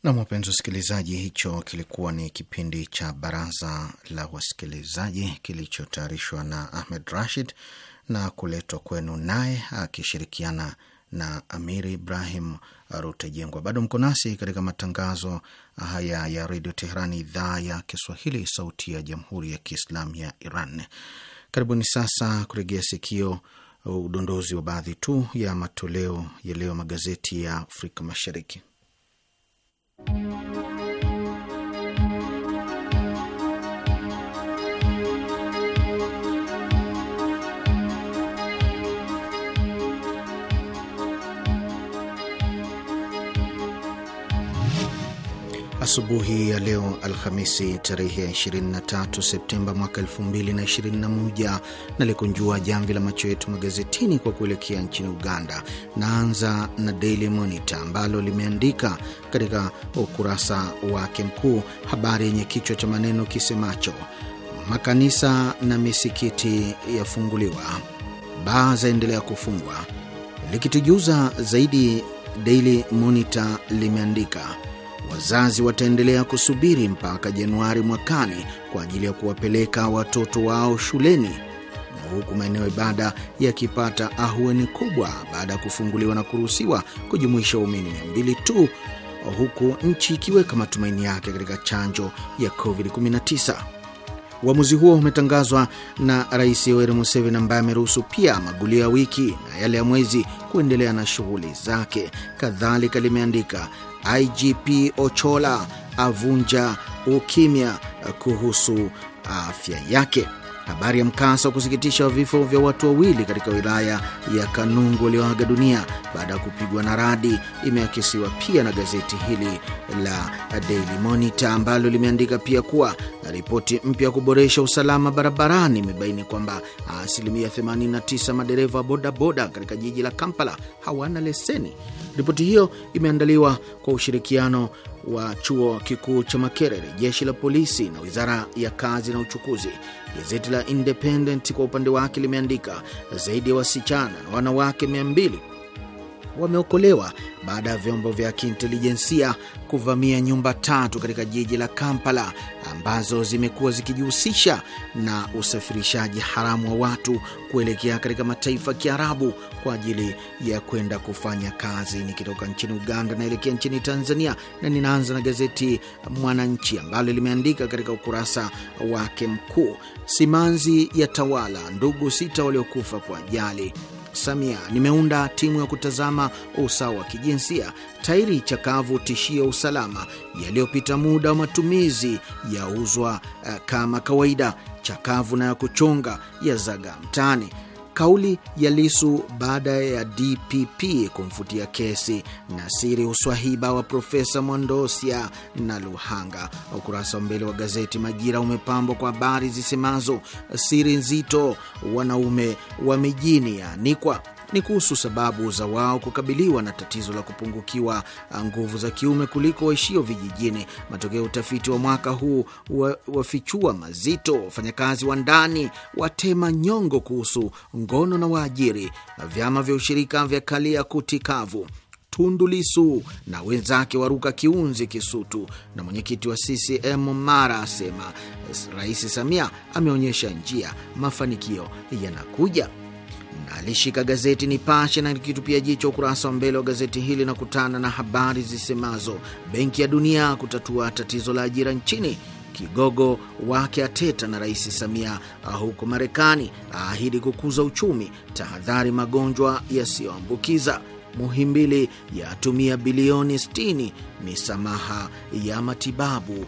Nam, wapenzi wasikilizaji, hicho kilikuwa ni kipindi cha baraza la wasikilizaji kilichotayarishwa na Ahmed Rashid na kuletwa kwenu naye akishirikiana na amir Ibrahim Rutejengwa. Bado mko nasi katika matangazo haya ya Redio Teheran, idhaa ya Kiswahili, sauti ya Jamhuri ya Kiislamu ya Iran. Karibuni sasa kuregea sikio udondozi wa baadhi tu ya matoleo ya leo magazeti ya Afrika Mashariki. Thank you. Asubuhi ya leo Alhamisi tarehe ya 23 Septemba mwaka 2021, nalikunjua jamvi la macho yetu magazetini kwa kuelekea nchini Uganda. Naanza na Daily Monitor ambalo limeandika katika ukurasa wake mkuu habari yenye kichwa cha maneno kisemacho makanisa na misikiti yafunguliwa, baa zaendelea kufungwa. Likitujuza zaidi, Daily Monitor limeandika wazazi wataendelea kusubiri mpaka Januari mwakani kwa ajili ya kuwapeleka watoto wao shuleni, huku maeneo ibada yakipata ahueni kubwa baada ya kufunguliwa na kuruhusiwa kujumuisha waumini mia mbili tu, huku nchi ikiweka matumaini yake katika chanjo ya COVID-19. Uamuzi huo umetangazwa na Rais Yoweri Museveni, ambaye ameruhusu pia magulio ya wiki na yale ya mwezi kuendelea na shughuli zake. Kadhalika limeandika IGP Ochola avunja ukimya kuhusu afya yake habari ya mkasa wa kusikitisha wa vifo vya watu wawili katika wilaya ya Kanungu walioaga dunia baada ya kupigwa na radi imeakisiwa pia na gazeti hili la Daily Monitor ambalo limeandika pia kuwa ripoti mpya ya kuboresha usalama barabarani imebaini kwamba asilimia 89 madereva wa bodaboda katika jiji la Kampala hawana leseni. Ripoti hiyo imeandaliwa kwa ushirikiano wa chuo kikuu cha Makerere, jeshi la polisi na wizara ya kazi na uchukuzi. Gazeti la Independent kwa upande wake limeandika zaidi ya wasichana na wanawake 200 wameokolewa baada ya vyombo vya kiintelijensia kuvamia nyumba tatu katika jiji la Kampala ambazo zimekuwa zikijihusisha na usafirishaji haramu wa watu kuelekea katika mataifa ya Kiarabu kwa ajili ya kwenda kufanya kazi. Nikitoka nchini Uganda naelekea nchini Tanzania, na ninaanza na gazeti Mwananchi ambalo limeandika katika ukurasa wake mkuu, simanzi ya tawala, ndugu sita waliokufa kwa ajali Samia, nimeunda timu ya kutazama usawa wa kijinsia, tairi chakavu tishio usalama, yaliyopita muda wa matumizi yauzwa eh, kama kawaida, chakavu na ya kuchonga, ya zaga mtaani kauli ya Lisu baada ya DPP kumfutia kesi, na siri uswahiba wa Profesa Mwandosia na Luhanga. Ukurasa wa mbele wa gazeti Majira umepambwa kwa habari zisemazo siri nzito, wanaume wa mijini yaanikwa ni kuhusu sababu za wao kukabiliwa na tatizo la kupungukiwa ah, nguvu za kiume kuliko waishio vijijini. Matokeo ya utafiti wa mwaka huu wafichua mazito, wafanyakazi wa ndani watema nyongo kuhusu ngono na waajiri, vyama vya ushirika vya kalia kuti kavu Tundu Lisu na wenzake waruka kiunzi Kisutu, na mwenyekiti wa CCM Mara asema Rais Samia ameonyesha njia, mafanikio yanakuja alishika gazeti Nipashe na likitupia jicho ukurasa wa mbele wa gazeti hili na kutana na habari zisemazo: Benki ya Dunia kutatua tatizo la ajira nchini, kigogo wake ateta na Rais Samia huko Marekani, aahidi kukuza uchumi, tahadhari magonjwa yasiyoambukiza Muhimbili yatumia bilioni 60 misamaha ya matibabu.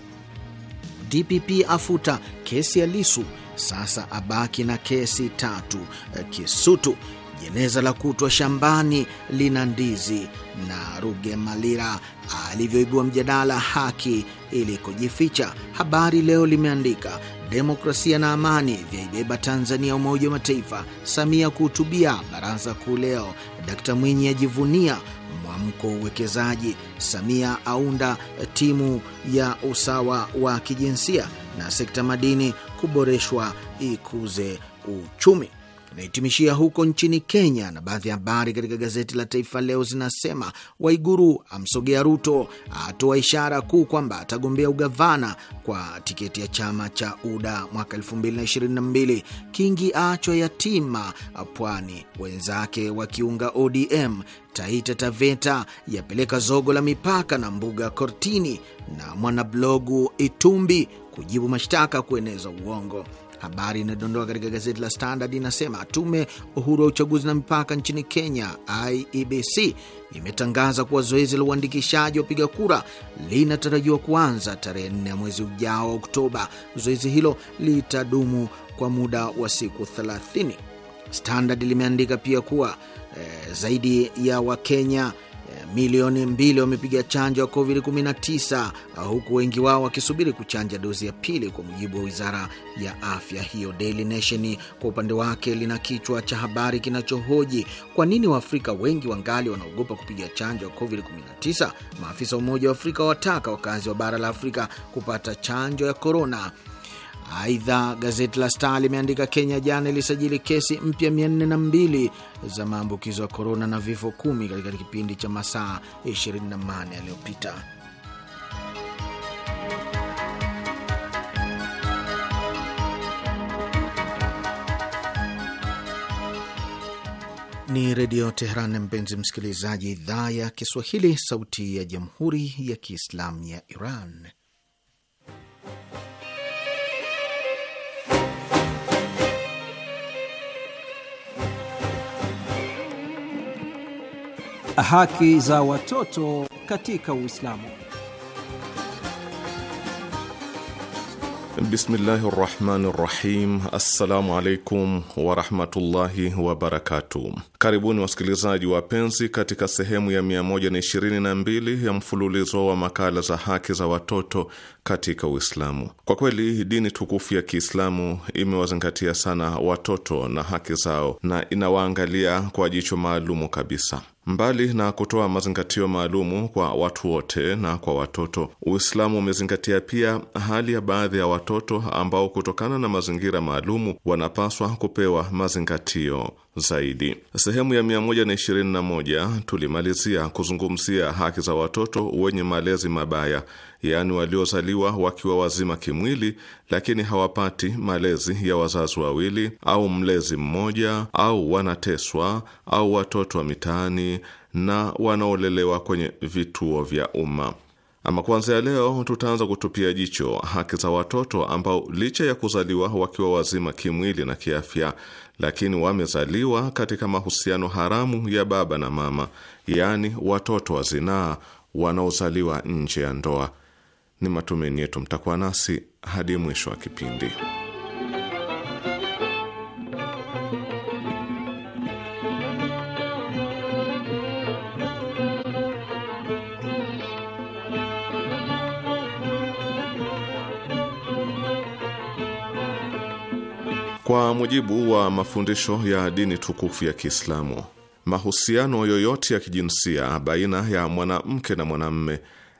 DPP afuta kesi ya Lisu sasa abaki na kesi tatu. Eh, Kisutu, jeneza la kutwa shambani lina ndizi, na Rugemalira alivyoibua mjadala haki kujificha. Habari Leo limeandika demokrasia na amani vyaibeba Tanzania Umoja wa Mataifa, Samia kuhutubia baraza kuu leo, Dkt Mwinyi ajivunia mwamko wa uwekezaji, Samia aunda timu ya usawa wa kijinsia na sekta madini kuboreshwa ikuze uchumi naitimishia huko nchini Kenya, na baadhi ya habari katika gazeti la Taifa Leo zinasema Waiguru amsogea Ruto, atoa ishara kuu kwamba atagombea ugavana kwa tiketi ya chama cha UDA mwaka 2022. Kingi achwa yatima Pwani, wenzake wakiunga ODM. Taita Taveta yapeleka zogo la mipaka na mbuga kortini, na mwanablogu Itumbi kujibu mashtaka kueneza uongo. Habari inayodondoka katika gazeti la Standard inasema tume uhuru wa uchaguzi na mipaka nchini Kenya, IEBC, imetangaza kuwa zoezi la uandikishaji wa wapiga kura linatarajiwa kuanza tarehe nne ya mwezi ujao wa Oktoba. Zoezi hilo litadumu kwa muda wa siku 30. Standard limeandika pia kuwa eh, zaidi ya Wakenya milioni mbili wamepiga chanjo ya COVID-19 uh, huku wengi wao wakisubiri kuchanja dozi ya pili, kwa mujibu wa wizara ya afya hiyo. Daily Nation kwa upande wake lina kichwa cha habari kinachohoji kwa nini Waafrika wengi wangali wanaogopa kupiga chanjo ya COVID-19. Maafisa wa Umoja wa Afrika wataka wakazi wa bara la Afrika kupata chanjo ya korona. Aidha, gazeti la Star limeandika Kenya jana ilisajili kesi mpya 402 za maambukizo ya korona na vifo kumi katika kipindi cha masaa 24 yaliyopita. Ni Redio Teheran, mpenzi msikilizaji, idhaa ya Kiswahili, sauti ya Jamhuri ya Kiislamu ya Iran. Haki za watoto katika Uislamu. Bismillahi rahmani rahim. Assalamu alaikum warahmatullahi wabarakatu. Karibuni wasikilizaji wapenzi, katika sehemu ya 122 ya mfululizo wa makala za haki za watoto katika Uislamu. Kwa kweli dini tukufu ya Kiislamu imewazingatia sana watoto na haki zao na inawaangalia kwa jicho maalumu kabisa. Mbali na kutoa mazingatio maalumu kwa watu wote na kwa watoto, Uislamu umezingatia pia hali ya baadhi ya watoto ambao kutokana na mazingira maalumu wanapaswa kupewa mazingatio zaidi. Sehemu ya 121 tulimalizia kuzungumzia haki za watoto wenye malezi mabaya, yaani waliozaliwa wakiwa wazima kimwili, lakini hawapati malezi ya wazazi wawili au mlezi mmoja, au wanateswa, au watoto wa mitaani na wanaolelewa kwenye vituo vya umma. Ama kwanza ya leo tutaanza kutupia jicho haki za watoto ambao licha ya kuzaliwa wakiwa wazima kimwili na kiafya, lakini wamezaliwa katika mahusiano haramu ya baba na mama, yaani watoto wa zinaa wanaozaliwa nje ya ndoa. Ni matumaini yetu mtakuwa nasi hadi mwisho wa kipindi. Kwa mujibu wa mafundisho ya dini tukufu ya Kiislamu, mahusiano yoyote ya kijinsia baina ya mwanamke na mwanamme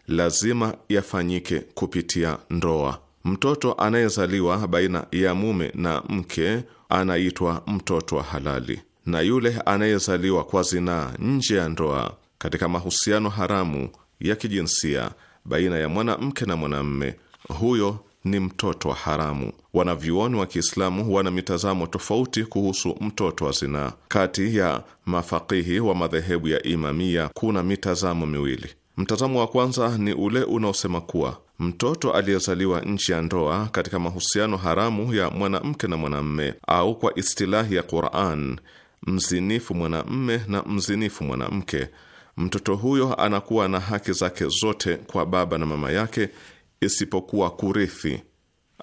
lazima yafanyike kupitia ndoa. Mtoto anayezaliwa baina ya mume na mke anaitwa mtoto wa halali, na yule anayezaliwa kwa zinaa nje ya ndoa katika mahusiano haramu ya kijinsia baina ya mwanamke na mwanamme, huyo ni mtoto wa haramu. Wanavyuoni wa Kiislamu wana mitazamo tofauti kuhusu mtoto wa zinaa. Kati ya mafakihi wa madhehebu ya Imamia kuna mitazamo miwili. Mtazamo wa kwanza ni ule unaosema kuwa mtoto aliyezaliwa nchi ya ndoa katika mahusiano haramu ya mwanamke na mwanamme, au kwa istilahi ya Quran, mzinifu mwanamme na mzinifu mwanamke, mtoto huyo anakuwa na haki zake zote kwa baba na mama yake isipokuwa kurithi,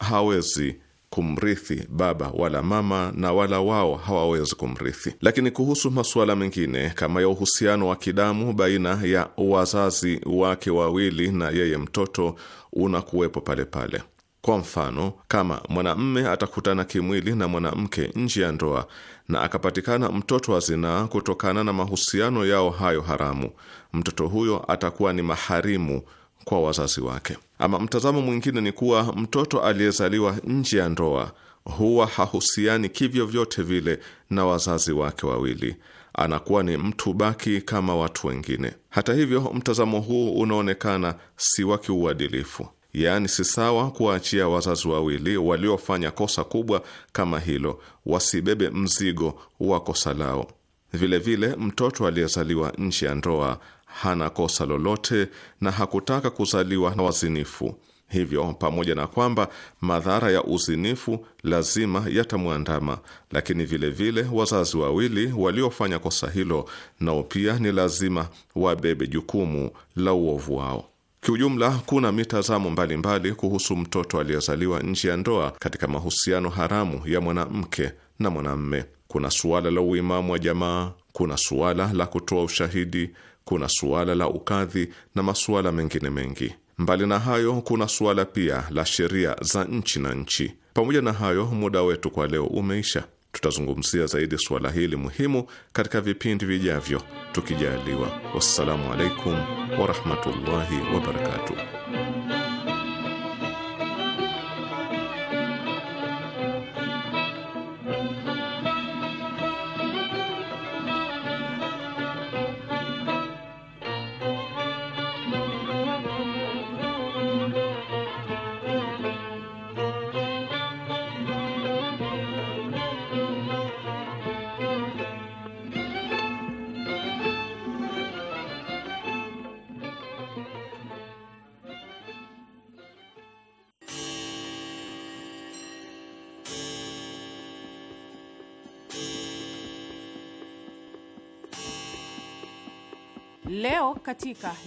hawezi kumrithi baba wala mama, na wala wao hawawezi kumrithi. Lakini kuhusu masuala mengine kama ya uhusiano wa kidamu baina ya wazazi wake wawili na yeye mtoto unakuwepo pale pale. Kwa mfano, kama mwanamme atakutana kimwili na mwanamke nje ya ndoa na akapatikana mtoto wa zinaa kutokana na mahusiano yao hayo haramu, mtoto huyo atakuwa ni maharimu kwa wazazi wake. Ama mtazamo mwingine ni kuwa mtoto aliyezaliwa nje ya ndoa huwa hahusiani kivyo vyote vile na wazazi wake wawili, anakuwa ni mtu baki kama watu wengine. Hata hivyo, mtazamo huu unaonekana si wa kiuadilifu, yaani si sawa kuwaachia wazazi wawili waliofanya kosa kubwa kama hilo wasibebe mzigo wa kosa lao. Vilevile, mtoto aliyezaliwa nje ya ndoa hana kosa lolote na hakutaka kuzaliwa na wazinifu. Hivyo, pamoja na kwamba madhara ya uzinifu lazima yatamwandama, lakini vilevile vile, wazazi wawili waliofanya kosa hilo nao pia ni lazima wabebe jukumu la uovu wao. Kiujumla, kuna mitazamo mbalimbali kuhusu mtoto aliyezaliwa nje ya ndoa katika mahusiano haramu ya mwanamke na mwanamme. Kuna suala la uimamu wa jamaa, kuna suala la kutoa ushahidi, kuna suala la ukadhi na masuala mengine mengi. Mbali na hayo, kuna suala pia la sheria za nchi na nchi. Pamoja na hayo, muda wetu kwa leo umeisha. Tutazungumzia zaidi suala hili muhimu katika vipindi vijavyo tukijaliwa. Wassalamu alaikum warahmatullahi wabarakatuh.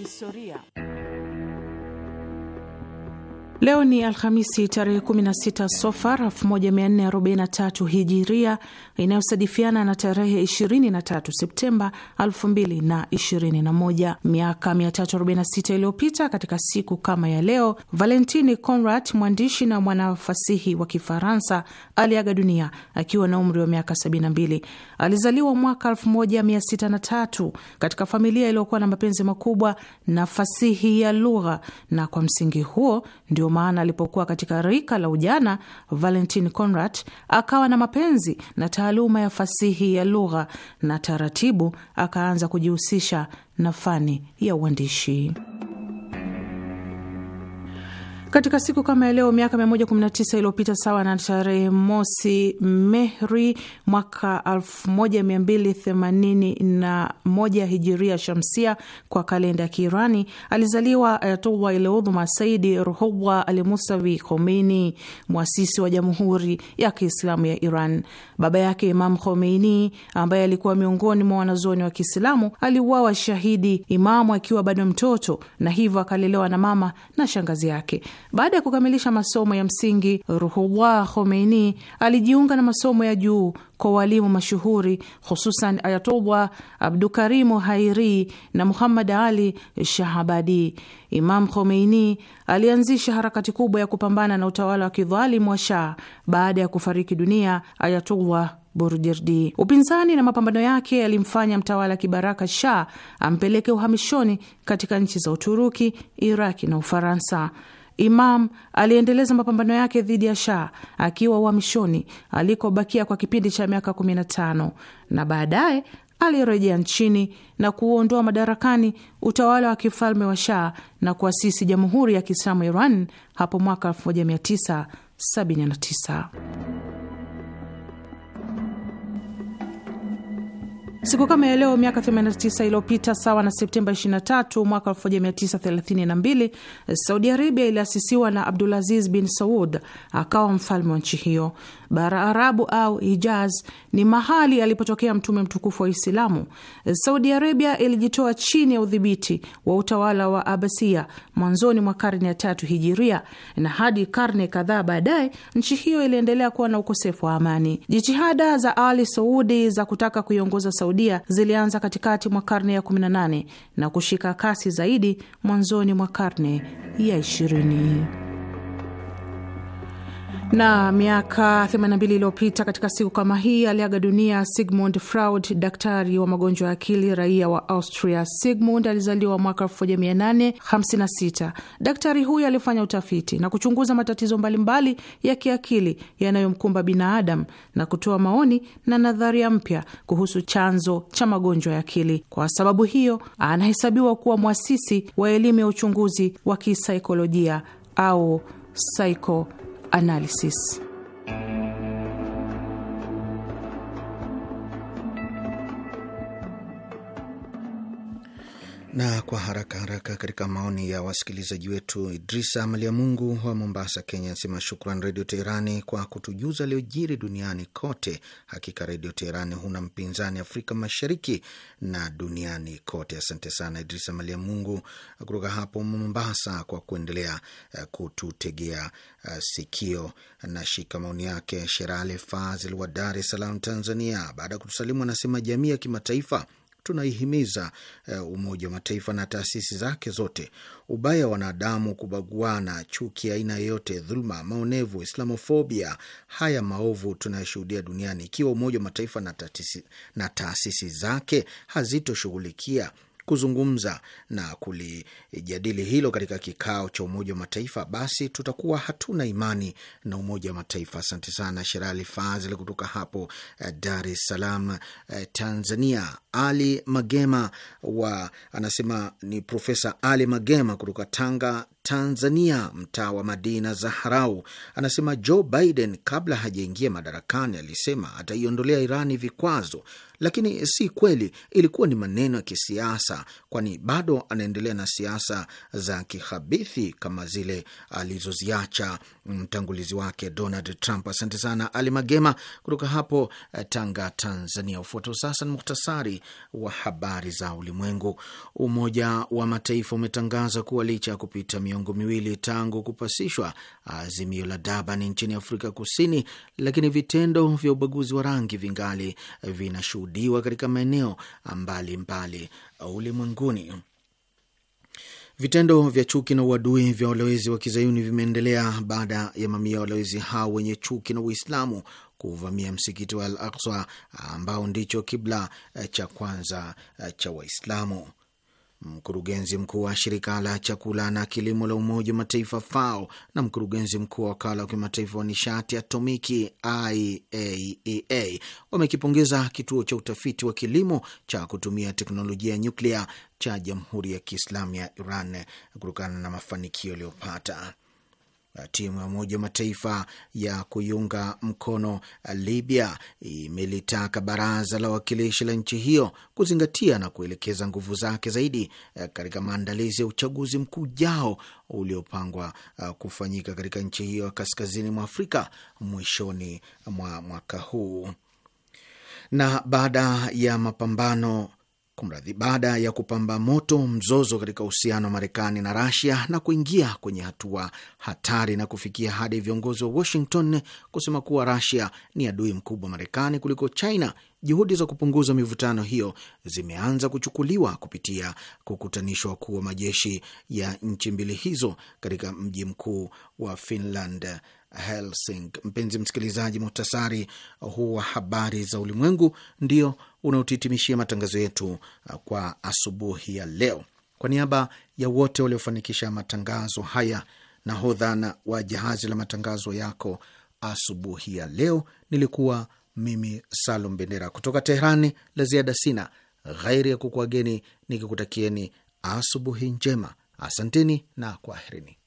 historia. Leo ni Alhamisi tarehe 16 Sofar 1443 Hijiria, inayosadifiana na tarehe 23 Septemba 2021. Miaka 346 iliyopita katika siku kama ya leo, Valentini Conrad, mwandishi na mwanafasihi wa Kifaransa, aliaga dunia akiwa na umri wa miaka 72. Alizaliwa mwaka 1603 katika familia iliyokuwa na mapenzi makubwa na fasihi ya lugha, na kwa msingi huo ndio maana alipokuwa katika rika la ujana, Valentin Conrad akawa na mapenzi na taaluma ya fasihi ya lugha na taratibu akaanza kujihusisha na fani ya uandishi. Katika siku kama leo miaka 119 iliyopita, sawa na tarehe mosi Mehri mwaka 1281 hijiria shamsia kwa kalenda ya Kiirani, alizaliwa Ayatullah Iludhuma Saidi Ruhullah Al Musavi Khomeini, mwasisi wa Jamhuri ya Kiislamu ya Iran. Baba yake Imam Khomeini, ambaye alikuwa miongoni mwa wanazuoni wa Kiislamu, aliuawa shahidi Imamu akiwa bado mtoto, na hivyo akalelewa na mama na shangazi yake. Baada ya kukamilisha masomo ya msingi, Ruhullah Khomeini alijiunga na masomo ya juu kwa walimu mashuhuri hususan Ayatullah Abdukarimu Hairi na Muhammad Ali Shahabadi. Imam Khomeini alianzisha harakati kubwa ya kupambana na utawala wa kidhalimu wa Shah baada ya kufariki dunia Ayatullah Burjerdi. Upinzani na mapambano yake yalimfanya mtawala kibaraka Shah ampeleke uhamishoni katika nchi za Uturuki, Iraki na Ufaransa. Imam aliendeleza mapambano yake dhidi ya Shah akiwa uhamishoni alikobakia kwa kipindi cha miaka 15 na baadaye alirejea nchini na kuuondoa madarakani utawala wa kifalme wa Shah na kuasisi Jamhuri ya Kiislamu Iran hapo mwaka 1979. Siku kama ya leo miaka 89 iliyopita, sawa na Septemba 23 mwaka 1932, Saudi Arabia iliasisiwa na Abdulaziz bin Saud akawa mfalme wa nchi hiyo. Bara Arabu au Hijaz ni mahali alipotokea mtume mtukufu wa Uislamu. Saudi Arabia ilijitoa chini ya udhibiti wa utawala wa Abasia mwanzoni mwa karne ya tatu hijiria, na hadi karne kadhaa baadaye nchi hiyo iliendelea kuwa na ukosefu wa amani. Jitihada za Ali Saudi za kutaka kuiongoza Saudia zilianza katikati mwa karne ya 18 na kushika kasi zaidi mwanzoni mwa karne ya ishirini. Na miaka 82 iliyopita katika siku kama hii aliaga dunia Sigmund Freud, daktari wa magonjwa ya akili, raia wa Austria. Sigmund alizaliwa mwaka 1856. Daktari huyo alifanya utafiti na kuchunguza matatizo mbalimbali ya kiakili yanayomkumba binadamu na kutoa maoni na nadharia mpya kuhusu chanzo cha magonjwa ya akili. Kwa sababu hiyo, anahesabiwa kuwa mwasisi wa elimu ya uchunguzi wa kisaikolojia au psycho analysis. Na kwa haraka haraka katika maoni ya wasikilizaji wetu, Idrisa Malia Mungu wa Mombasa, Kenya anasema shukran Redio Teherani kwa kutujuza aliyojiri duniani kote. Hakika Redio Teherani huna mpinzani Afrika Mashariki na duniani kote. Asante sana Idrisa Malia Mungu kutoka hapo Mombasa kwa kuendelea eh, kututegea eh, sikio. nashika maoni yake Sherale Fazil wa Dar es Salaam, Tanzania. Baada ya kutusalimu, anasema jamii ya kimataifa tunaihimiza eh, Umoja wa Mataifa na taasisi zake zote, ubaya wa wanadamu, kubaguana, chuki aina yoyote, dhuluma, maonevu, islamofobia, haya maovu tunayoshuhudia duniani, ikiwa Umoja wa Mataifa na taasisi, na taasisi zake hazitoshughulikia kuzungumza na kulijadili hilo katika kikao cha Umoja wa Mataifa, basi tutakuwa hatuna imani na Umoja wa Mataifa. Asante sana Sherali Fazil kutoka hapo eh, Dar es Salaam, eh, Tanzania. Ali Magema wa anasema ni Profesa Ali Magema kutoka Tanga, Tanzania, mtaa wa Madina Zaharau, anasema Joe Biden kabla hajaingia madarakani alisema ataiondolea Irani vikwazo, lakini si kweli, ilikuwa ni maneno ya kisiasa, kwani bado anaendelea na siasa za kihabithi kama zile alizoziacha mtangulizi wake Donald Trump. Asante sana Ali Magema kutoka hapo eh, Tanga, Tanzania. Ufuatao sasa ni muhtasari wa habari za ulimwengu. Umoja wa Mataifa umetangaza kuwa licha ya kupita miongo miwili tangu kupasishwa azimio la Durban nchini Afrika Kusini, lakini vitendo vya ubaguzi wa rangi vingali vinashuhudiwa katika maeneo mbalimbali ulimwenguni. Vitendo vya chuki na uadui vya walowezi wa kizayuni vimeendelea baada ya mamia ya walowezi hao wenye chuki na Uislamu kuvamia msikiti wa Al Aksa ambao ndicho kibla eh, cha kwanza eh, cha Waislamu. Mkurugenzi mkuu wa shirika la chakula na kilimo la Umoja wa Mataifa FAO na mkurugenzi mkuu wa wakala wa kimataifa wa nishati atomiki IAEA e wamekipongeza kituo cha utafiti wa kilimo cha kutumia teknolojia ya nyuklia cha Jamhuri ya Kiislamu ya Iran kutokana na mafanikio yaliyopata. Timu ya Umoja wa Mataifa ya kuiunga mkono Libya imelitaka baraza la wawakilishi la nchi hiyo kuzingatia na kuelekeza nguvu zake zaidi eh, katika maandalizi ya uchaguzi mkuu ujao uliopangwa eh, kufanyika katika nchi hiyo ya kaskazini mwa Afrika mwishoni mwa mwaka huu. Na baada ya mapambano kumradhi, baada ya kupamba moto mzozo katika uhusiano wa Marekani na Rasia na kuingia kwenye hatua hatari na kufikia hadi viongozi wa Washington kusema kuwa Rasia ni adui mkubwa wa Marekani kuliko China, juhudi za kupunguza mivutano hiyo zimeanza kuchukuliwa kupitia kukutanishwa wakuu wa majeshi ya nchi mbili hizo katika mji mkuu wa Finland Helsing. Mpenzi msikilizaji, muhtasari huu wa habari za ulimwengu ndio unaotitimishia matangazo yetu kwa asubuhi ya leo. Kwa niaba ya wote waliofanikisha matangazo haya, nahodha na wa jahazi la matangazo yako asubuhi ya leo nilikuwa mimi Salum Bendera kutoka Teherani. La ziada sina ghairi ya kukuageni nikikutakieni asubuhi njema. Asanteni na kwaherini.